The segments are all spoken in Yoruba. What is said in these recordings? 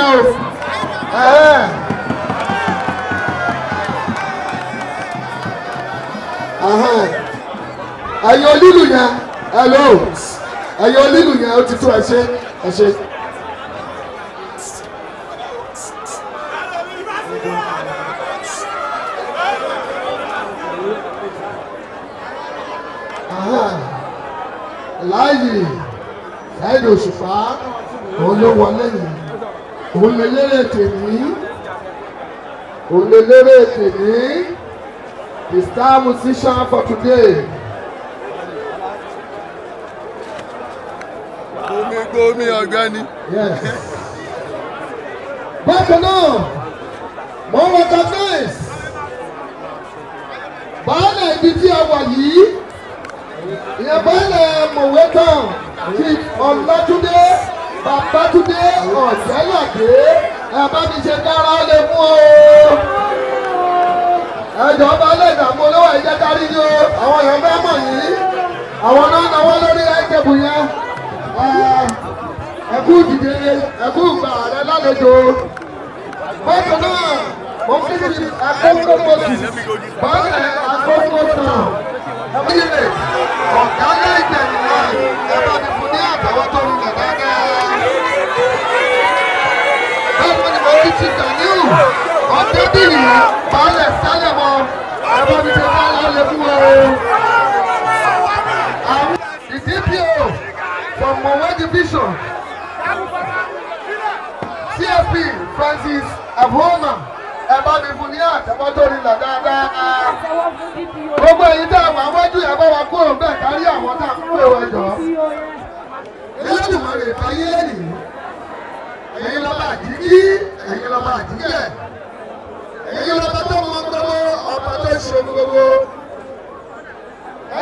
yẹn o. ẹ̀yin onílù yẹn hello ẹ̀yin onílù yẹn ó ti tó ẹ ṣe ẹ ṣe. láàyè láàyè òṣùpá òun ló wọlé yìí òun lè lérè tèmí òun lè the star musician for today. omi gbómi ọ̀gbẹ́ni. bákan náà mo recognize baálé ibi tí a wà yìí ìyẹn baálé mọ̀wé tán chief ọ̀làtúndé. Babátúndé Ọ̀sẹ́yàdé ẹ bá mi ṣe dára ó lè mú o. Ẹjọ́ ọba ẹlẹ́dàmú olówó ẹ̀jẹ̀ darí ni o, àwọn èèyàn fẹ́ mọ̀ yìí. Àwọn náà náwó lórí ẹ̀jẹ̀bù yẹn. Ẹ̀kú dìde, ẹ̀kú gbà rẹ lálejò. Bákan náà, mo ń kí ni ẹ̀kú gbogbo sí. Báyọ̀. ti tàníù ọdẹ bíi balẹ̀ sálẹ̀ mọ́ ẹ̀fọ́ mi ti bá lálẹ́ fún wa o. The DPO from Mowe division CFP Francis Aboma ẹ bá mi fún ní àtẹ́wọ́ tó rinlẹ̀ dáadáa. gbogbo èyí tá a wà wájú bá wa kó òun kárí àwọn tá a ń pè jọ. ilé ìwọ̀n rè é fayé lẹ́nìí èyí lọ́ba àjíjí ọmọ àdìgẹ́ èyí lọ́ba tó mọ gbogbo ọba tó ṣe gbogbo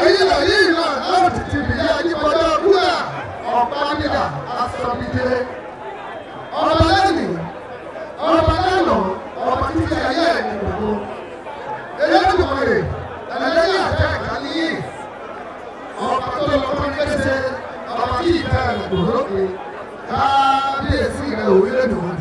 èyí lọ́yí náà láti ti bìí ajíbọ́dá wúrà ọ̀pá nígbà asọ̀bìdé ọba lẹ́nu ọba lẹ́nu ọba títí ayé ẹ̀ ní gbogbo elédùnmọ̀rẹ̀ ẹlẹ́yìn àti àkàlíyè ọba tó lọ fún kẹsẹ̀ ọba tí ìta ẹ̀ gbòòrò pé kábíyèsí rẹ̀ òwe lẹ́dùnmọ̀.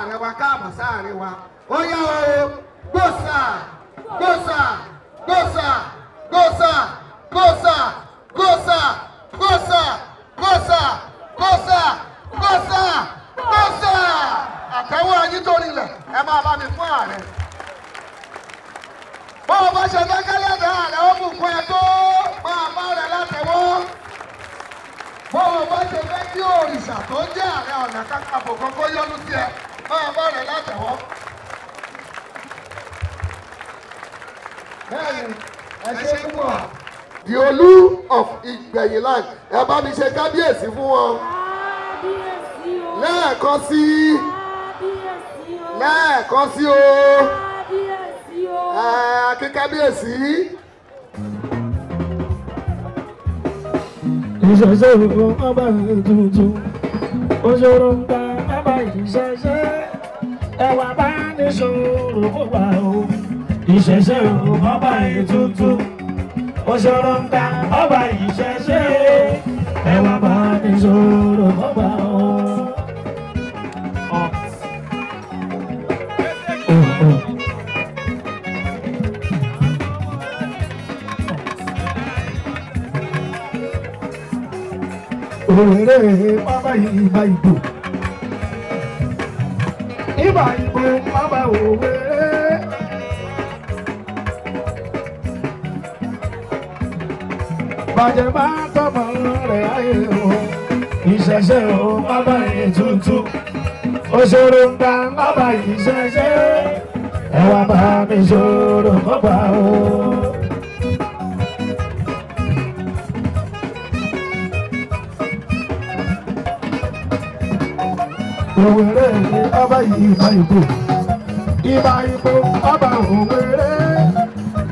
sáàrin wa káàbọ̀ sáàrin wa ó yá o gbòòsà gbòòsà gbòòsà gbòòsà gbòòsà gbòòsà gbòòsà gbòòsà gbòòsà gbòòsà gbòòsà àtẹwọ́ ẹyin tó nílẹ̀ ẹ máa bá mi fún ààrẹ bọ́ọ̀ bá ṣe fẹ́ kẹ́lẹ́ dá ààrẹ ó bù kún ẹ tó máa bá rẹ látẹ̀wọ́ bọ́ọ̀ bá ṣe fẹ́ kí òrìṣà tó jẹ́ ààrẹ ọ̀nà kakanfò kọ́kọ́ yọ́nú sí ẹ máa bá rẹ̀ látẹ̀wọ́. bẹ́ẹ̀ni ẹ ṣe púpọ̀. the olú of Ìgbẹ̀yìnland ẹ bá mi ṣe kábíyèsí fún wọn. lẹ́ẹ̀kan sí i lẹ́ẹ̀kan sí o akíkábíyèsí. ìṣẹ̀ṣẹ̀ ìfowópamọ́ tuntun ó ń ta bàbá ìṣẹ̀ṣẹ̀ ẹwà bá ní sòrò kó wà o ìṣẹ̀ṣe o ọba ètùtù òṣòro ń ta ọba ìṣẹ̀ṣe ẹwà bá ní sòrò kó wà o. Òrèrè pápá ìgbà ìbò ibà ìbò má bá òwe. bàjẹ́ má tọmọ rẹ̀ ayé o ìṣẹ̀ṣẹ̀ o má bá yìí tuntun òṣèré ń ta má bá yìí ṣẹṣẹ́ ẹ wá bá mi ṣòro kọ́ o. òwèrè ni ọba yìí ìbá ìbò ìbá ìbò ọba òwèrè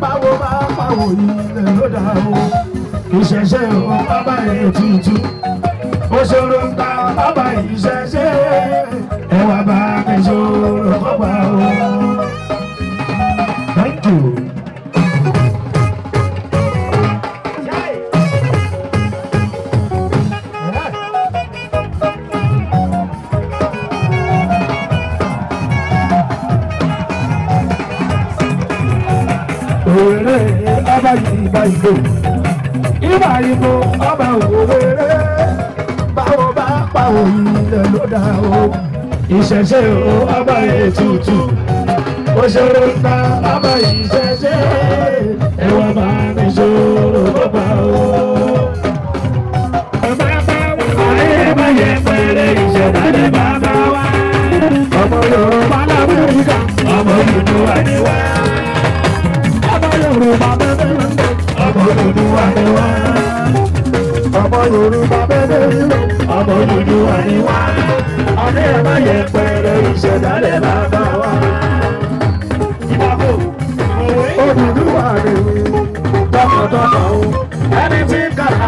báwo bá pàwò ilẹ̀ ló dà o ìṣẹ̀ṣẹ̀ ọba yìí e tuntun òṣòro ń ta ọba ìṣẹ̀ṣẹ̀ ẹwà bá kẹjọ. ìgbò ìbà ìgbò ọba òwòrè báwo bá pa òyìn ilẹ̀ ló dá o ìṣẹ̀ṣe o ọba ètùtù òṣèré ta ọba ìṣẹ̀ṣe ẹ̀wọ̀n máa ní ṣòro bọ́bá o.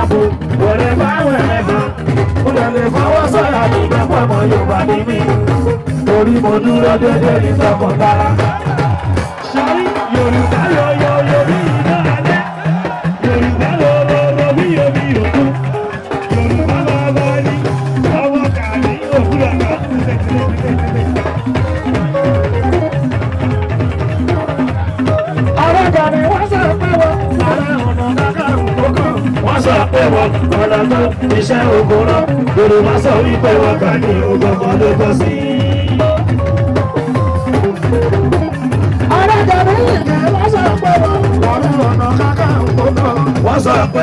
àbò wẹ̀rẹ̀ bá wẹ̀rẹ̀ bá mo lè lè fọwọ́ sọ̀rọ̀ mi gbẹ́pọ̀ mọ́ Yorùbá ní mi torí mo dúró déédéé ní tọkàntara. iṣẹ́ ogun rán yorùbá sọ wípé wọn kà ní ogun kan ló kọ sí. wọ́n sọ pé wọ́n lọ́rùn ọ̀nà kákà ń gbóná. wọ́n sọ pé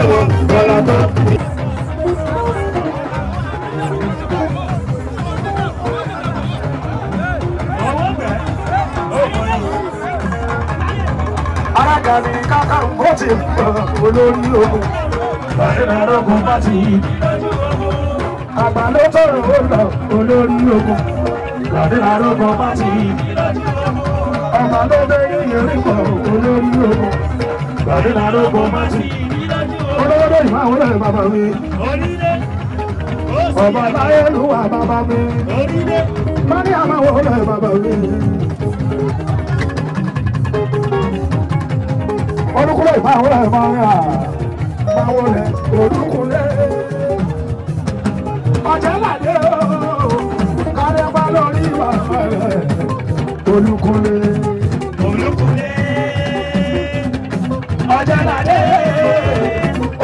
olórí ogun ẹ̀rọ̀gùn bá ti yí. Àgbà ló tọrọ ó lọ olórí ogun. Ìgbàdé àrọ́gùn bá ti yí. Ọba ló bẹ yíyẹ rípọ̀ olórí ogun. Ìgbàdé àrọ́gùn bá ti yí. ìmọ̀ àwọn olóyè bàbá mi. Ọba láyé ló bàbá mi. Mọ́rí àwọn olóyè bàbá mi. Olúkúlẹ̀ ìmọ̀ àwọn olóyè bàbá mi ìyàwó rẹ̀ olúkunlé. Ọ̀jẹ̀ládé o, kárẹ́ bá lórí bàbá rẹ̀ olúkunlé. Olúkunlé. Ọ̀jẹ̀ládé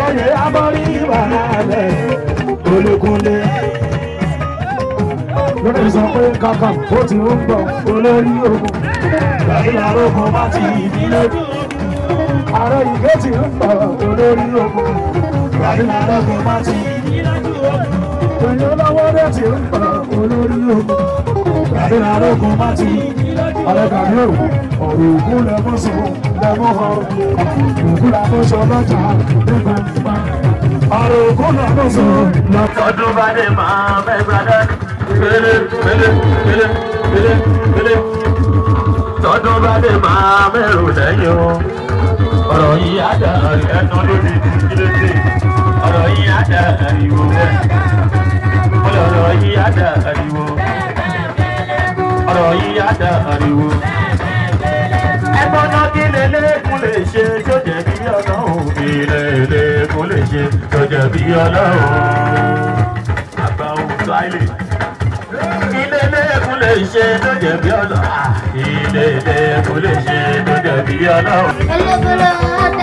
oyè abọ́rí bàbá rẹ̀ olúkunlé. Lórí sọ pé kàkà ó ti ń gbọ̀ olórí ogun ààrẹ ìgbésí ń pa olórí ogun ìgbàlú lọ́gbọ̀n má ti. Pẹ̀lú lọ́wọ́ rẹ̀ ti ń pa olórí ogun ìgbàlú lọ́gbọ̀n má ti. Ọlọ́dàbí òwò ọ̀rọ̀ ògùn lẹ́mú sùn lẹ́mú ọ̀rọ̀ ògùn lẹ́mú sọ lọ́jà nígbà nígbà. Ọ̀rọ̀ ògùn lẹ́mú sùn lọ́jà. Ọdún bá dé máa bẹ́ gbàdá. Pẹ̀lẹ́ pẹ̀lẹ́ pẹ̀lẹ́ pẹ̀lẹ́ pẹ̀lẹ́. Tọdún bá dé máa bẹ̀rù lẹ́yìn o ọ̀rọ̀ yìí á dà rí ẹnu lórí ìdílé ọ̀rọ̀ yìí ada dà ariwo ọ̀rọ̀ yìí á dà ariwo ọ̀rọ̀ yìí á dà ariwo. ẹgbọ́n náà kí lélẹ́kùn lè ṣe tó jẹ̀bi ọlọ́run kí lélẹ́kùn lè ṣe tó jẹ̀bi ọlọ́run àgbà òun sáìlì lè ṣe tó jẹ̀ bí ọ̀nà. Ìdèdè kò lè ṣe tó jẹ̀ bí ọ̀nà. Olóbóló ọ̀dà.